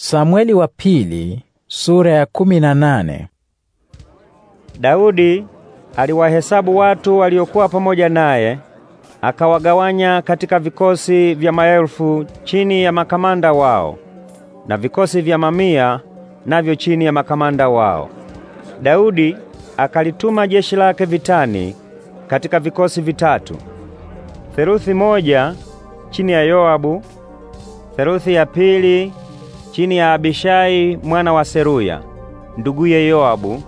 Samweli wa pili sura ya kumi na nane. Daudi aliwahesabu watu waliokuwa pamoja naye akawagawanya katika vikosi vya maelfu chini ya makamanda wao na vikosi vya mamia navyo chini ya makamanda wao. Daudi akalituma jeshi lake vitani katika vikosi vitatu, theluthi moja chini ya Yoabu, theluthi ya pili chini ya Abishai mwana wa Seruya nduguye Yoabu,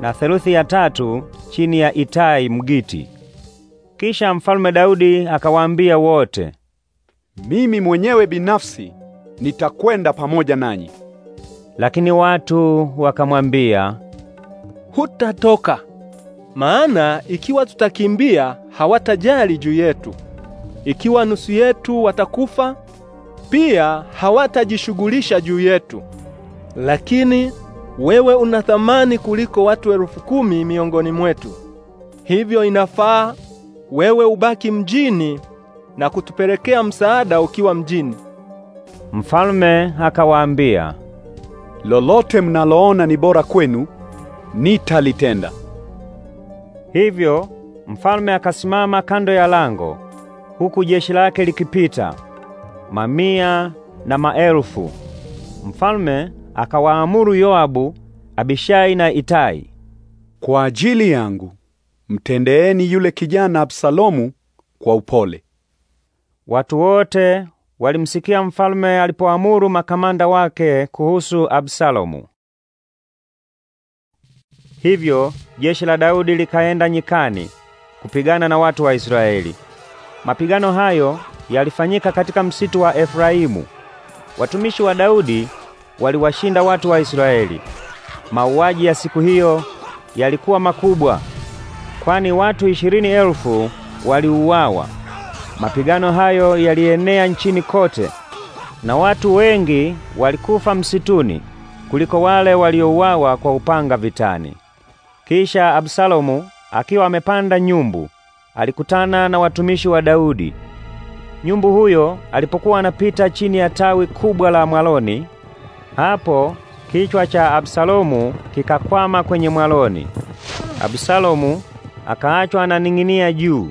na theluthi ya tatu chini ya Itai Mgiti. Kisha mfalme Daudi akawaambia wote, mimi mwenyewe binafsi nitakwenda pamoja nanyi. Lakini watu wakamwambia, hutatoka, maana ikiwa tutakimbia hawatajali juu yetu, ikiwa nusu yetu watakufa pia hawatajishughulisha juu yetu. Lakini wewe una thamani kuliko watu elfu kumi miongoni mwetu. Hivyo inafaa wewe ubaki mjini na kutupelekea msaada ukiwa mjini. Mfalme akawaambia, lolote mnaloona ni bora kwenu nitalitenda. Hivyo mfalme akasimama kando ya lango huku jeshi lake likipita mamia na maelfu. Mfalme akawaamuru Yoabu, Abishai na Itai, kwa ajili yangu mtendeeni yule kijana Absalomu kwa upole. Watu wote walimsikia mfalme alipoamuru makamanda wake kuhusu Absalomu. Hivyo jeshi la Daudi likaenda nyikani kupigana na watu wa Israeli. Mapigano hayo yalifanyika katika msitu wa Efraimu. Watumishi wa Daudi waliwashinda watu wa Israeli. Mauaji ya siku hiyo yalikuwa makubwa, kwani watu ishirini elfu waliuawa. Mapigano hayo yalienea nchini kote, na watu wengi walikufa msituni kuliko wale waliouawa kwa upanga vitani. Kisha Absalomu akiwa amepanda nyumbu alikutana na watumishi wa Daudi. Nyumbu huyo alipokuwa anapita chini ya tawi kubwa la mwaloni, hapo kichwa cha Absalomu kikakwama kwenye mwaloni. Absalomu akaachwa ananing'inia juu,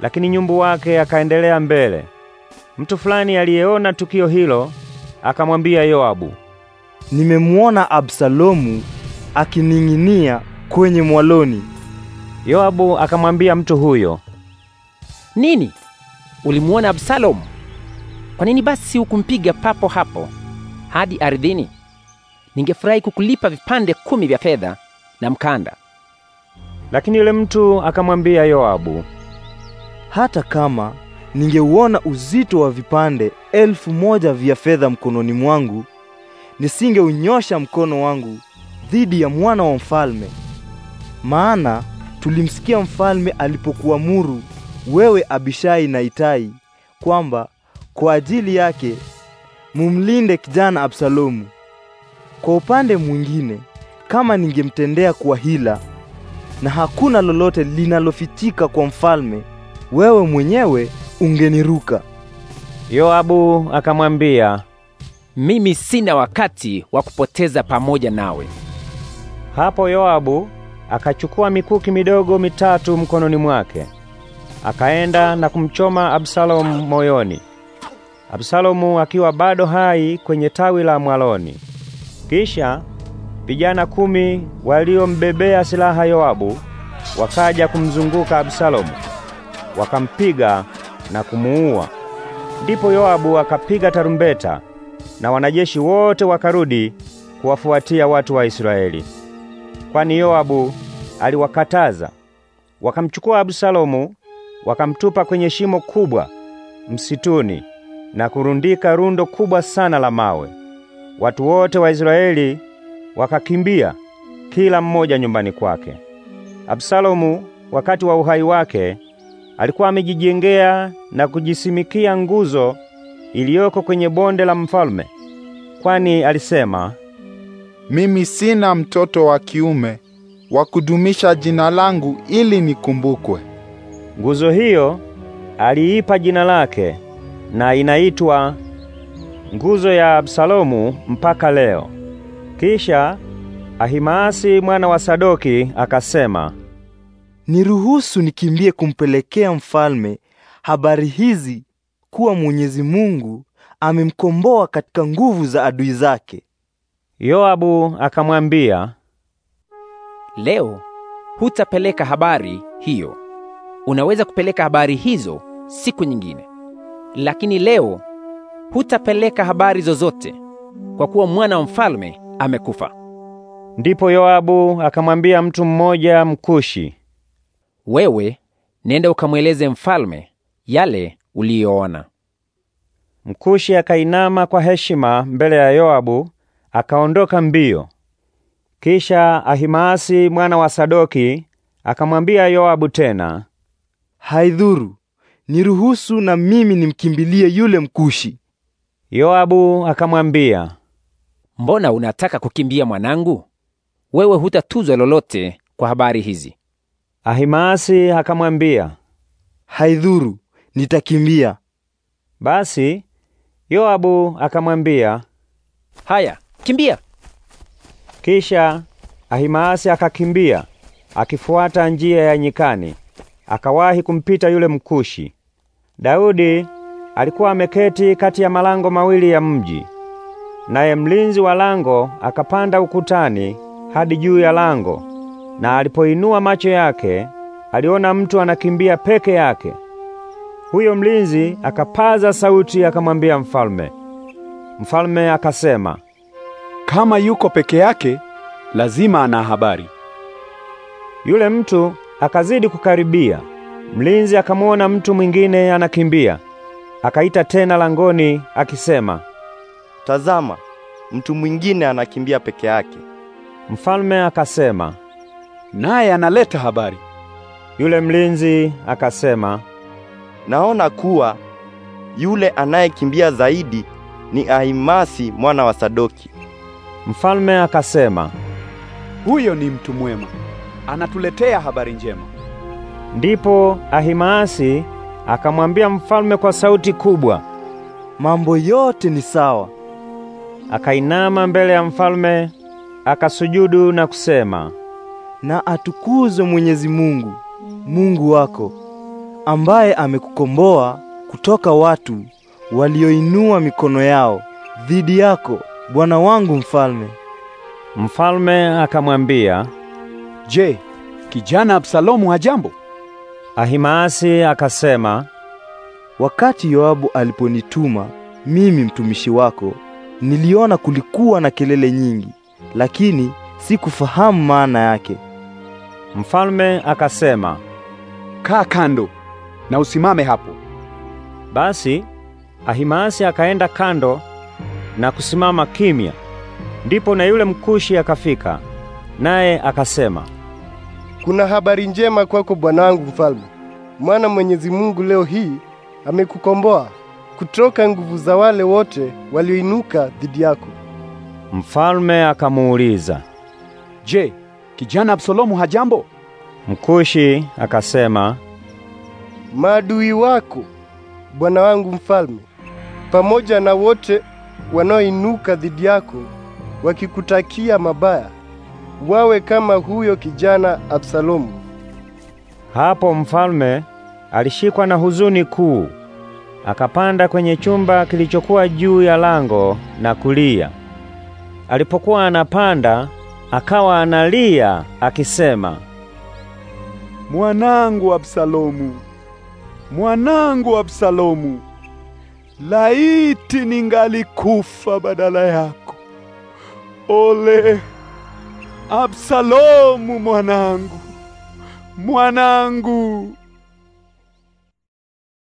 lakini nyumbu wake akaendelea mbele. Mtu fulani aliyeona tukio hilo akamwambia Yoabu, nimemuona Absalomu akining'inia kwenye mwaloni. Yoabu akamwambia mtu huyo, nini ulimuona Absalom. Kwa nini basi hukumpiga papo hapo hadi ardhini? Ningefurahi kukulipa vipande kumi vya fedha na mkanda. Lakini yule mtu akamwambia Yoabu, hata kama ningeuona uzito wa vipande elfu moja vya fedha mkononi mwangu, nisingeunyosha mkono wangu dhidi ya mwana wa mfalme, maana tulimsikia mfalme alipokuamuru wewe Abishai na Itai kwamba kwa ajili yake mumlinde kijana Absalomu. Kwa upande mwingine, kama ningemtendea kwa hila na hakuna lolote linalofichika kwa mfalme, wewe mwenyewe ungeniruka. Yoabu akamwambia, mimi sina wakati wa kupoteza pamoja nawe. Hapo Yoabu akachukua mikuki midogo mitatu mkononi mwake akaenda na kumchoma Absalomu moyoni, Absalomu akiwa bado hai kwenye tawi la mwaloni. Kisha vijana kumi waliombebea silaha Yoabu wakaja kumzunguka Absalomu, wakampiga na kumuua. Ndipo Yoabu akapiga tarumbeta na wanajeshi wote wakarudi kuwafuatia watu wa Israeli, kwani Yoabu aliwakataza. Wakamchukua Absalomu wakamtupa kwenye shimo kubwa msituni na kurundika rundo kubwa sana la mawe. Watu wote wa Israeli wakakimbia kila mmoja nyumbani kwake. Absalomu wakati wa uhai wake alikuwa amejijengea na kujisimikia nguzo iliyoko kwenye bonde la mfalme, kwani alisema, mimi sina mtoto wa kiume wa kudumisha jina langu ili nikumbukwe. Nguzo hiyo aliipa jina lake na inaitwa Nguzo ya Absalomu mpaka leo. Kisha Ahimaasi mwana wa Sadoki akasema, niruhusu nikimbie kumpelekea mfalme habari hizi kuwa Mwenyezi Mungu amemkomboa katika nguvu za adui zake. Yoabu akamwambia, leo hutapeleka habari hiyo unaweza kupeleka habari hizo siku nyingine, lakini leo hutapeleka habari zozote, kwa kuwa mwana wa mfalme amekufa. Ndipo Yoabu akamwambia mtu mmoja Mkushi, wewe nenda ukamweleze mfalme yale uliyoona. Mkushi akainama kwa heshima mbele ya Yoabu akaondoka mbio. Kisha Ahimaasi mwana wa Sadoki akamwambia Yoabu tena, haidhuru, niruhusu na mimi nimkimbilie yule Mkushi. Yoabu akamwambia, mbona unataka kukimbia mwanangu? Wewe hutatuzwa lolote kwa habari hizi. Ahimasi akamwambia, haidhuru, nitakimbia. Basi Yoabu akamwambia, haya, kimbia. Kisha Ahimaasi akakimbia akifuata njia ya nyikani akawahi kumpita yule Mkushi. Daudi alikuwa ameketi kati ya malango mawili ya mji, naye mlinzi wa lango akapanda ukutani hadi juu ya lango, na alipoinua macho yake aliona mtu anakimbia peke yake. Huyo mlinzi akapaza sauti akamwambia mfalme. Mfalme akasema, kama yuko peke yake lazima ana habari. Yule mtu Akazidi kukaribia, mlinzi akamwona mtu mwingine anakimbia, akaita tena langoni akisema, tazama, mtu mwingine anakimbia peke yake. Mfalme akasema, naye analeta habari. Yule mlinzi akasema, naona kuwa yule anayekimbia zaidi ni Ahimasi mwana wa Sadoki. Mfalme akasema, huyo ni mtu mwema anatuletea habari njema. Ndipo Ahimaasi akamwambia mfalme kwa sauti kubwa, mambo yote ni sawa. Akainama mbele ya mfalme akasujudu na kusema, na atukuzwe Mwenyezi Mungu, Mungu wako ambaye amekukomboa kutoka watu walioinua mikono yao dhidi yako, bwana wangu mfalme. Mfalme akamwambia Je, kijana Absalomu hajambo? Ahimaasi akasema, wakati Yoabu aliponituma mimi mtumishi wako, niliona kulikuwa na kelele nyingi, lakini sikufahamu maana yake. Mfalme akasema, kaa kando na usimame hapo. Basi Ahimaasi akaenda kando na kusimama kimya. Ndipo na yule mkushi akafika, naye akasema kuna habari njema kwako bwana wangu mfalme. Mwana Mwenyezi Mungu leo hii amekukomboa kutoka nguvu za wale wote walioinuka dhidi yako. Mfalme akamuuliza, Je, kijana Absalomu hajambo? Mkushi akasema, maadui wako bwana wangu mfalme, pamoja na wote wanaoinuka dhidi yako wakikutakia mabaya wawe kama huyo kijana Absalomu. Hapo mfalme alishikwa na huzuni kuu, akapanda kwenye chumba kilichokuwa juu ya lango na kulia. Alipokuwa anapanda, akawa analia akisema, mwanangu Absalomu, mwanangu Absalomu, laiti ningalikufa badala yako! Ole Absalomu mwanangu, mwanangu.